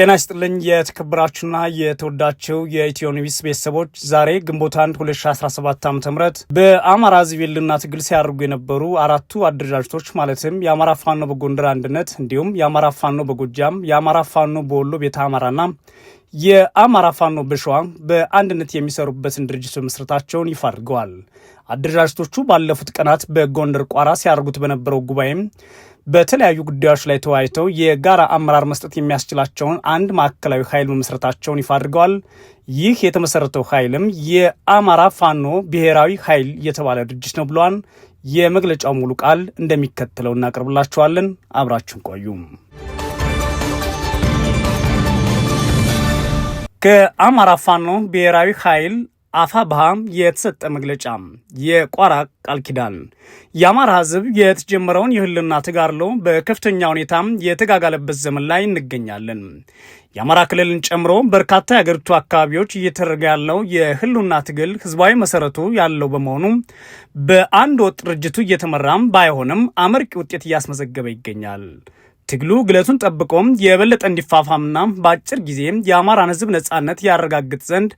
ጤና ይስጥልኝ የተከበራችሁና የተወዳችው የኢትዮ ኒውስ ቤተሰቦች፣ ዛሬ ግንቦት 1 2017 ዓ ም በአማራ ዝቤልና ትግል ሲያደርጉ የነበሩ አራቱ አደረጃጀቶች ማለትም የአማራ ፋኖ በጎንደር አንድነት፣ እንዲሁም የአማራ ፋኖ በጎጃም፣ የአማራ ፋኖ በወሎ ቤተ አማራና የአማራ ፋኖ በሸዋ በአንድነት የሚሰሩበትን ድርጅት መስረታቸውን ይፋ አድርገዋል። አደረጃጀቶቹ ባለፉት ቀናት በጎንደር ቋራ ሲያደርጉት በነበረው ጉባኤም በተለያዩ ጉዳዮች ላይ ተወያይተው የጋራ አመራር መስጠት የሚያስችላቸውን አንድ ማዕከላዊ ኃይል መመስረታቸውን ይፋ አድርገዋል። ይህ የተመሰረተው ኃይልም የአማራ ፋኖ ብሔራዊ ኃይል የተባለ ድርጅት ነው ብለዋል። የመግለጫው ሙሉ ቃል እንደሚከተለው እናቀርብላችኋለን። አብራችን ቆዩ። ከአማራ ፋኖ ብሔራዊ ኃይል አፋብሃም የተሰጠ መግለጫ የቋራ ቃል ኪዳን የአማራ ህዝብ የተጀመረውን የህልና ተጋድሎ በከፍተኛ ሁኔታ የተጋጋለበት ዘመን ላይ እንገኛለን። የአማራ ክልልን ጨምሮ በርካታ የአገሪቱ አካባቢዎች እየተደረገ ያለው የህልውና ትግል ህዝባዊ መሰረቱ ያለው በመሆኑ በአንድ ወጥ ድርጅቱ እየተመራም ባይሆንም አመርቂ ውጤት እያስመዘገበ ይገኛል። ትግሉ ግለቱን ጠብቆም የበለጠ እንዲፋፋምና በአጭር ጊዜ የአማራን ህዝብ ነጻነት ያረጋግጥ ዘንድ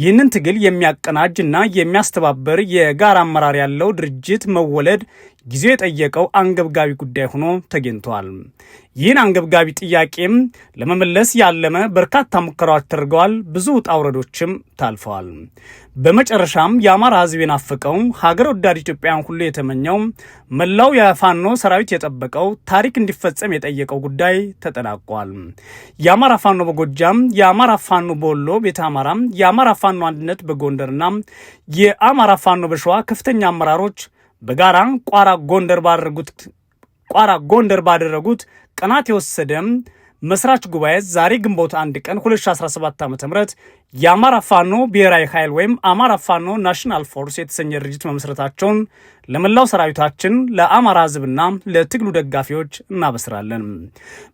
ይህንን ትግል የሚያቀናጅ እና የሚያስተባበር የጋራ አመራር ያለው ድርጅት መወለድ ጊዜ የጠየቀው አንገብጋቢ ጉዳይ ሆኖ ተገኝቷል። ይህን አንገብጋቢ ጥያቄም ለመመለስ ያለመ በርካታ ሙከራዎች ተደርገዋል። ብዙ ውጣ ውረዶችም ታልፈዋል። በመጨረሻም የአማራ ሕዝብ የናፈቀው ሀገር ወዳድ ኢትዮጵያን ሁሉ የተመኘው መላው የፋኖ ሰራዊት የጠበቀው ታሪክ እንዲፈጸም የጠየቀው ጉዳይ ተጠናቋል። የአማራ ፋኖ በጎጃም፣ የአማራ ፋኖ በወሎ ቤተ አማራም፣ የአማራ ፋኖ አንድነት በጎንደርና የአማራ ፋኖ በሸዋ ከፍተኛ አመራሮች በጋራ ቋራ ጎንደር ባደረጉት ቋራ ጎንደር ባደረጉት ቅናት የወሰደም መስራች ጉባኤ ዛሬ ግንቦት አንድ ቀን 2017 ዓ ም የአማራ ፋኖ ብሔራዊ ኃይል ወይም አማራ ፋኖ ናሽናል ፎርስ የተሰኘ ድርጅት መመስረታቸውን ለመላው ሰራዊታችን ለአማራ ህዝብና ለትግሉ ደጋፊዎች እናበስራለን።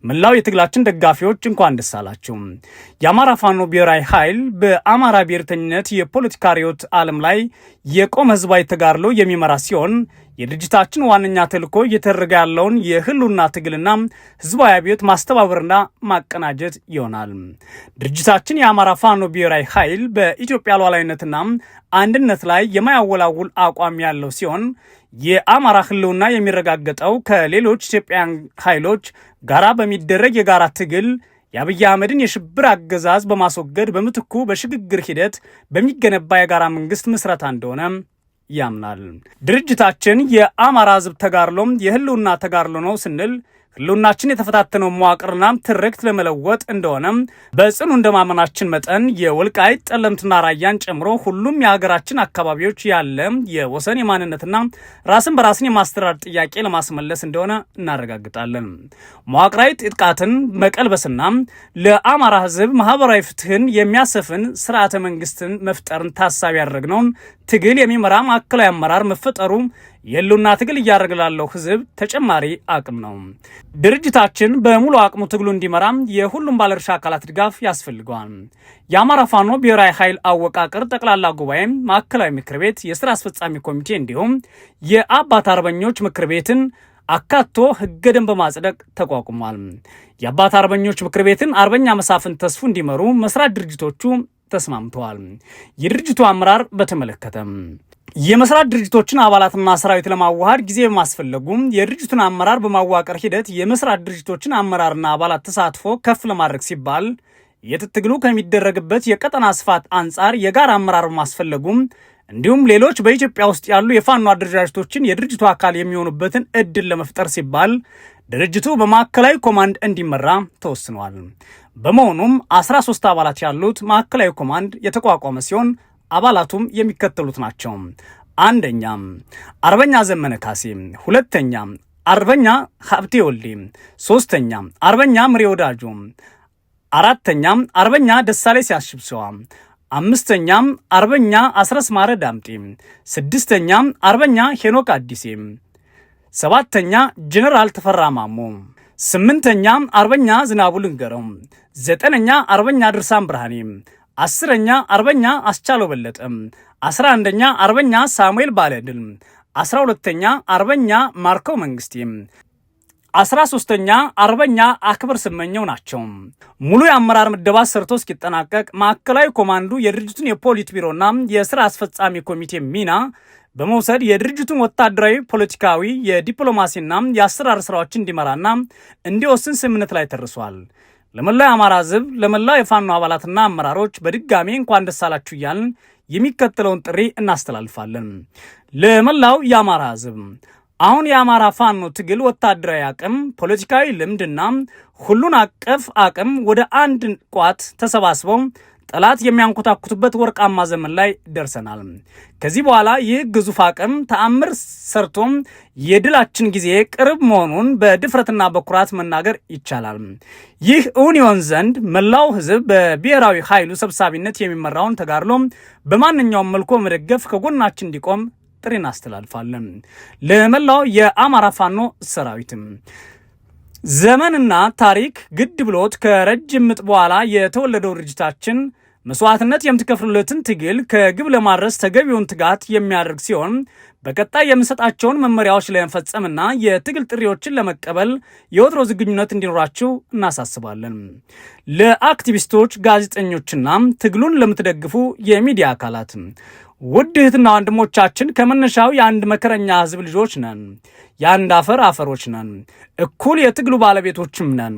መላው የትግላችን ደጋፊዎች እንኳን ደስ አላችሁ። የአማራ ፋኖ ብሔራዊ ኃይል በአማራ ብሔርተኝነት የፖለቲካ ርዕዮተ ዓለም ላይ የቆመ ህዝባዊ ተጋድሎ የሚመራ ሲሆን የድርጅታችን ዋነኛ ተልኮ እየተደረገ ያለውን የህልውና ትግልና ህዝባዊ አብዮት ማስተባበርና ማቀናጀት ይሆናል። ድርጅታችን የአማራ ፋኖ ብሔራዊ ኃይል በኢትዮጵያ ሉዓላዊነትና አንድነት ላይ የማያወላውል አቋም ያለው ሲሆን የአማራ ህልውና የሚረጋገጠው ከሌሎች ኢትዮጵያውያን ኃይሎች ጋራ በሚደረግ የጋራ ትግል የአብይ አህመድን የሽብር አገዛዝ በማስወገድ በምትኩ በሽግግር ሂደት በሚገነባ የጋራ መንግስት ምስረታ እንደሆነ ያምናል። ድርጅታችን የአማራ ህዝብ ተጋድሎም የህልውና ተጋድሎ ነው ስንል ህልውናችን የተፈታተነው መዋቅርናም ትርክት ለመለወጥ እንደሆነም በጽኑ እንደማመናችን መጠን የወልቃይት ጠለምትና ራያን ጨምሮ ሁሉም የሀገራችን አካባቢዎች ያለ የወሰን የማንነትና ራስን በራስን የማስተዳደር ጥያቄ ለማስመለስ እንደሆነ እናረጋግጣለን። መዋቅራዊ ጥቃትን መቀልበስና ለአማራ ህዝብ ማህበራዊ ፍትህን የሚያሰፍን ስርዓተ መንግስትን መፍጠርን ታሳቢ ያደረግነውን ትግል የሚመራ ማዕከላዊ አመራር መፈጠሩ የሉና ትግል እያደረገ ላለው ህዝብ ተጨማሪ አቅም ነው። ድርጅታችን በሙሉ አቅሙ ትግሉ እንዲመራም የሁሉም ባለድርሻ አካላት ድጋፍ ያስፈልገዋል። የአማራ ፋኖ ብሔራዊ ኃይል አወቃቀር ጠቅላላ ጉባኤ፣ ማዕከላዊ ምክር ቤት፣ የስራ አስፈጻሚ ኮሚቴ እንዲሁም የአባት አርበኞች ምክር ቤትን አካቶ ህገ ደንብ በማጽደቅ ተቋቁሟል። የአባት አርበኞች ምክር ቤትን አርበኛ መሳፍን ተስፉ እንዲመሩ መስራት ድርጅቶቹ ተስማምተዋል። የድርጅቱ አመራር በተመለከተም የመስራት ድርጅቶችን አባላትና ሰራዊት ለማዋሃድ ጊዜ በማስፈለጉም የድርጅቱን አመራር በማዋቀር ሂደት የመስራት ድርጅቶችን አመራርና አባላት ተሳትፎ ከፍ ለማድረግ ሲባል የትትግሉ ከሚደረግበት የቀጠና ስፋት አንጻር የጋራ አመራር በማስፈለጉም እንዲሁም ሌሎች በኢትዮጵያ ውስጥ ያሉ የፋኖ አደረጃጀቶችን የድርጅቱ አካል የሚሆኑበትን እድል ለመፍጠር ሲባል ድርጅቱ በማዕከላዊ ኮማንድ እንዲመራ ተወስኗል። በመሆኑም 13 አባላት ያሉት ማዕከላዊ ኮማንድ የተቋቋመ ሲሆን አባላቱም የሚከተሉት ናቸው። አንደኛ አርበኛ ዘመነ ካሴ፣ ሁለተኛ አርበኛ ሀብቴ ወልዴ፣ ሶስተኛ አርበኛ ምሬ ወዳጆ፣ አራተኛም አርበኛ ደሳሌ ሲያሽብሰዋ፣ አምስተኛም አርበኛ አስረስማረ ዳምጤ፣ ስድስተኛም አርበኛ ሄኖክ አዲሴ ሰባተኛ ጀነራል ተፈራ ማሞ፣ ስምንተኛ አርበኛ ዝናቡ ልንገረው፣ ዘጠነኛ አርበኛ ድርሳን ብርሃኔ፣ አስረኛ አርበኛ አስቻለው በለጠ፣ አስራ አንደኛ አርበኛ ሳሙኤል ባለድል፣ አስራ ሁለተኛ አርበኛ ማርከው መንግስቴ አስራ ሶስተኛ አርበኛ አክብር ስመኘው ናቸው። ሙሉ የአመራር ምደባ ሰርቶ እስኪጠናቀቅ ማዕከላዊ ኮማንዱ የድርጅቱን የፖሊት ቢሮና የስራ አስፈጻሚ ኮሚቴ ሚና በመውሰድ የድርጅቱን ወታደራዊ፣ ፖለቲካዊ፣ የዲፕሎማሲና የአሰራር ስራዎች እንዲመራና እንዲወስን ስምምነት ላይ ተርሷል። ለመላው የአማራ ህዝብ፣ ለመላው የፋኖ አባላትና አመራሮች በድጋሜ እንኳን ደስ አላችሁ እያልን የሚከተለውን ጥሪ እናስተላልፋለን። ለመላው የአማራ ህዝብ አሁን የአማራ ፋኖ ትግል ወታደራዊ አቅም፣ ፖለቲካዊ ልምድና ሁሉን አቀፍ አቅም ወደ አንድ ቋት ተሰባስበው ጠላት የሚያንኮታኩትበት ወርቃማ ዘመን ላይ ደርሰናል። ከዚህ በኋላ ይህ ግዙፍ አቅም ተአምር ሰርቶም የድላችን ጊዜ ቅርብ መሆኑን በድፍረትና በኩራት መናገር ይቻላል። ይህ እውን ይሆን ዘንድ መላው ሕዝብ በብሔራዊ ኃይሉ ሰብሳቢነት የሚመራውን ተጋድሎ በማንኛውም መልኩ መደገፍ ከጎናችን እንዲቆም ጥሪ እናስተላልፋለን። ለመላው የአማራ ፋኖ ሰራዊትም ዘመንና ታሪክ ግድ ብሎት ከረጅም ምጥ በኋላ የተወለደው ድርጅታችን መስዋዕትነት የምትከፍሉለትን ትግል ከግብ ለማድረስ ተገቢውን ትጋት የሚያደርግ ሲሆን በቀጣይ የምሰጣቸውን መመሪያዎች ለመፈጸምና የትግል ጥሪዎችን ለመቀበል የወትሮ ዝግጁነት እንዲኖራችሁ እናሳስባለን። ለአክቲቪስቶች፣ ጋዜጠኞችና ትግሉን ለምትደግፉ የሚዲያ አካላት ውድ እህትና ወንድሞቻችን ከመነሻው የአንድ መከረኛ ህዝብ ልጆች ነን። የአንድ አፈር አፈሮች ነን። እኩል የትግሉ ባለቤቶችም ነን።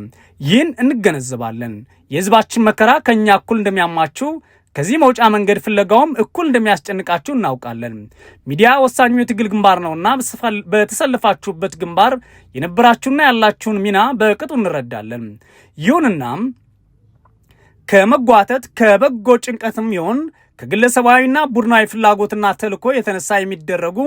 ይህን እንገነዘባለን። የህዝባችን መከራ ከእኛ እኩል እንደሚያማችሁ ከዚህ መውጫ መንገድ ፍለጋውም እኩል እንደሚያስጨንቃችሁ እናውቃለን። ሚዲያ ወሳኙ የትግል ግንባር ነውና በተሰለፋችሁበት ግንባር የነበራችሁና ያላችሁን ሚና በቅጡ እንረዳለን። ይሁንና ከመጓተት ከበጎ ጭንቀትም ይሁን ከግለሰባዊና ቡድናዊ ፍላጎትና ተልዕኮ የተነሳ የሚደረጉ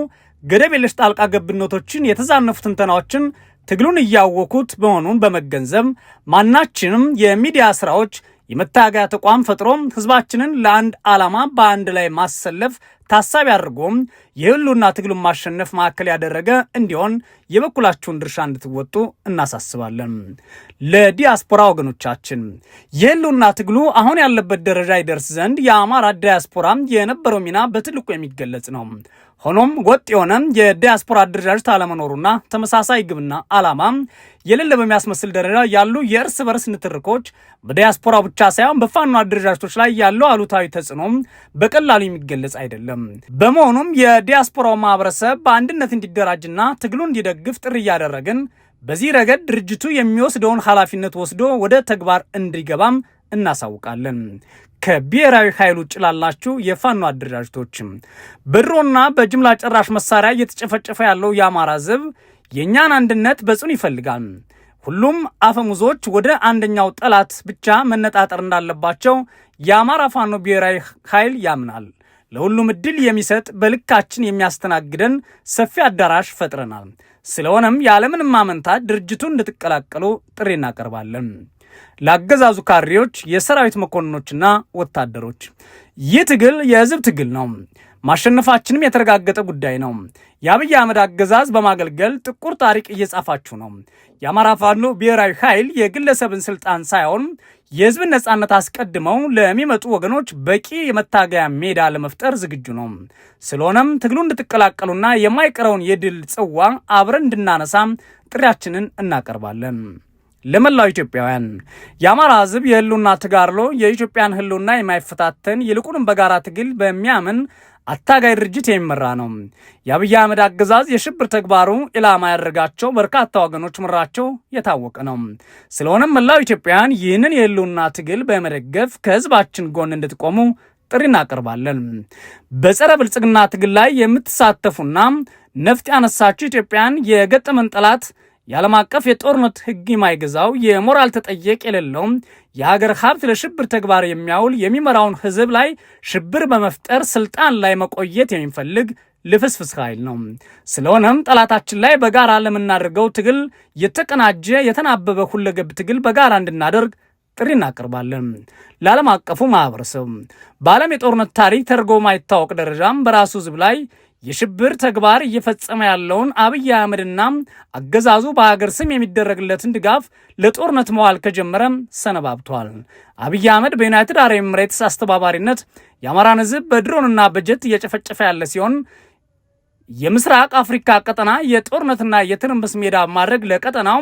ገደብ የለሽ ጣልቃ ገብነቶችን የተዛነፉ ትንተናዎችን ትግሉን እያወኩት መሆኑን በመገንዘብ ማናችንም የሚዲያ ስራዎች የመታገያ ተቋም ፈጥሮም ህዝባችንን ለአንድ ዓላማ በአንድ ላይ ማሰለፍ ታሳቢ አድርጎም የህልውና ትግሉን ማሸነፍ ማዕከል ያደረገ እንዲሆን የበኩላችሁን ድርሻ እንድትወጡ እናሳስባለን። ለዲያስፖራ ወገኖቻችን የህልውና ትግሉ አሁን ያለበት ደረጃ ይደርስ ዘንድ የአማራ ዲያስፖራ የነበረው ሚና በትልቁ የሚገለጽ ነው። ሆኖም ወጥ የሆነ የዲያስፖራ አደረጃጀት አለመኖሩና ተመሳሳይ ግብና ዓላማ የሌለ በሚያስመስል ደረጃ ያሉ የእርስ በርስ ንትርኮች በዲያስፖራ ብቻ ሳይሆን በፋኖ አደረጃጀቶች ላይ ያለው አሉታዊ ተጽዕኖም በቀላሉ የሚገለጽ አይደለም። አይደለም። በመሆኑም የዲያስፖራው ማህበረሰብ በአንድነት እንዲደራጅና ትግሉ እንዲደግፍ ጥሪ እያደረግን በዚህ ረገድ ድርጅቱ የሚወስደውን ኃላፊነት ወስዶ ወደ ተግባር እንዲገባም እናሳውቃለን። ከብሔራዊ ኃይል ውጭ ላላችሁ የፋኖ አደራጅቶች በድሮና በጅምላ ጨራሽ መሳሪያ እየተጨፈጨፈ ያለው የአማራ ዝብ የእኛን አንድነት በጽኑ ይፈልጋል። ሁሉም አፈሙዞች ወደ አንደኛው ጠላት ብቻ መነጣጠር እንዳለባቸው የአማራ ፋኖ ብሔራዊ ኃይል ያምናል። ለሁሉም እድል የሚሰጥ በልካችን የሚያስተናግደን ሰፊ አዳራሽ ፈጥረናል። ስለሆነም የዓለምን ማመንታ ድርጅቱን እንድትቀላቀሉ ጥሪ እናቀርባለን። ለአገዛዙ ካድሬዎች፣ የሰራዊት መኮንኖችና ወታደሮች ይህ ትግል የህዝብ ትግል ነው። ማሸነፋችንም የተረጋገጠ ጉዳይ ነው። የአብይ አህመድ አገዛዝ በማገልገል ጥቁር ታሪክ እየጻፋችሁ ነው። የአማራ ፋኖ ብሔራዊ ኃይል የግለሰብን ስልጣን ሳይሆን የህዝብን ነጻነት አስቀድመው ለሚመጡ ወገኖች በቂ የመታገያ ሜዳ ለመፍጠር ዝግጁ ነው። ስለሆነም ትግሉ እንድትቀላቀሉና የማይቀረውን የድል ጽዋ አብረን እንድናነሳ ጥሪያችንን እናቀርባለን። ለመላው ኢትዮጵያውያን የአማራ ህዝብ የህልውና ተጋድሎ የኢትዮጵያን ህልውና የማይፈታተን ይልቁንም በጋራ ትግል በሚያምን አታጋይ ድርጅት የሚመራ ነው። የአብይ አህመድ አገዛዝ የሽብር ተግባሩ ኢላማ ያደረጋቸው በርካታ ወገኖች ምራቸው የታወቀ ነው። ስለሆነም መላው ኢትዮጵያውያን ይህንን የህልውና ትግል በመደገፍ ከህዝባችን ጎን እንድትቆሙ ጥሪ እናቀርባለን። በጸረ ብልጽግና ትግል ላይ የምትሳተፉና ነፍጥ ያነሳችሁ ኢትዮጵያን የገጠመን ጠላት የዓለም አቀፍ የጦርነት ሕግ የማይገዛው የሞራል ተጠየቅ የሌለውም የሀገር ሀብት ለሽብር ተግባር የሚያውል የሚመራውን ሕዝብ ላይ ሽብር በመፍጠር ስልጣን ላይ መቆየት የሚፈልግ ልፍስፍስ ኃይል ነው። ስለሆነም ጠላታችን ላይ በጋራ ለምናደርገው ትግል የተቀናጀ የተናበበ ሁለገብ ትግል በጋራ እንድናደርግ ጥሪ እናቀርባለን። ለዓለም አቀፉ ማህበረሰብ በዓለም የጦርነት ታሪክ ተደርጎ ማይታወቅ ደረጃም በራሱ ህዝብ ላይ የሽብር ተግባር እየፈጸመ ያለውን አብይ አህመድና አገዛዙ በሀገር ስም የሚደረግለትን ድጋፍ ለጦርነት መዋል ከጀመረ ሰነባብቷል። አብይ አህመድ በዩናይትድ አረብ ኤምሬትስ አስተባባሪነት የአማራን ሕዝብ በድሮንና በጀት እየጨፈጨፈ ያለ ሲሆን የምስራቅ አፍሪካ ቀጠና የጦርነትና የትርምስ ሜዳ ማድረግ ለቀጠናው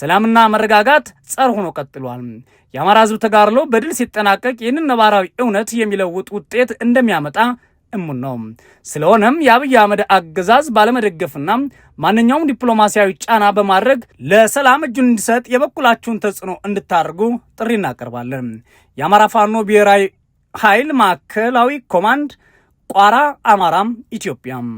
ሰላምና መረጋጋት ጸር ሆኖ ቀጥሏል። የአማራ ሕዝብ ተጋድሎ በድል ሲጠናቀቅ ይህንን ነባራዊ እውነት የሚለውጥ ውጤት እንደሚያመጣ እሙን ነው። ስለሆነም የአብይ አህመድ አገዛዝ ባለመደገፍና ማንኛውም ዲፕሎማሲያዊ ጫና በማድረግ ለሰላም እጁን እንዲሰጥ የበኩላችሁን ተጽዕኖ እንድታደርጉ ጥሪ እናቀርባለን። የአማራ ፋኖ ብሔራዊ ኃይል ማዕከላዊ ኮማንድ ቋራ፣ አማራም ኢትዮጵያም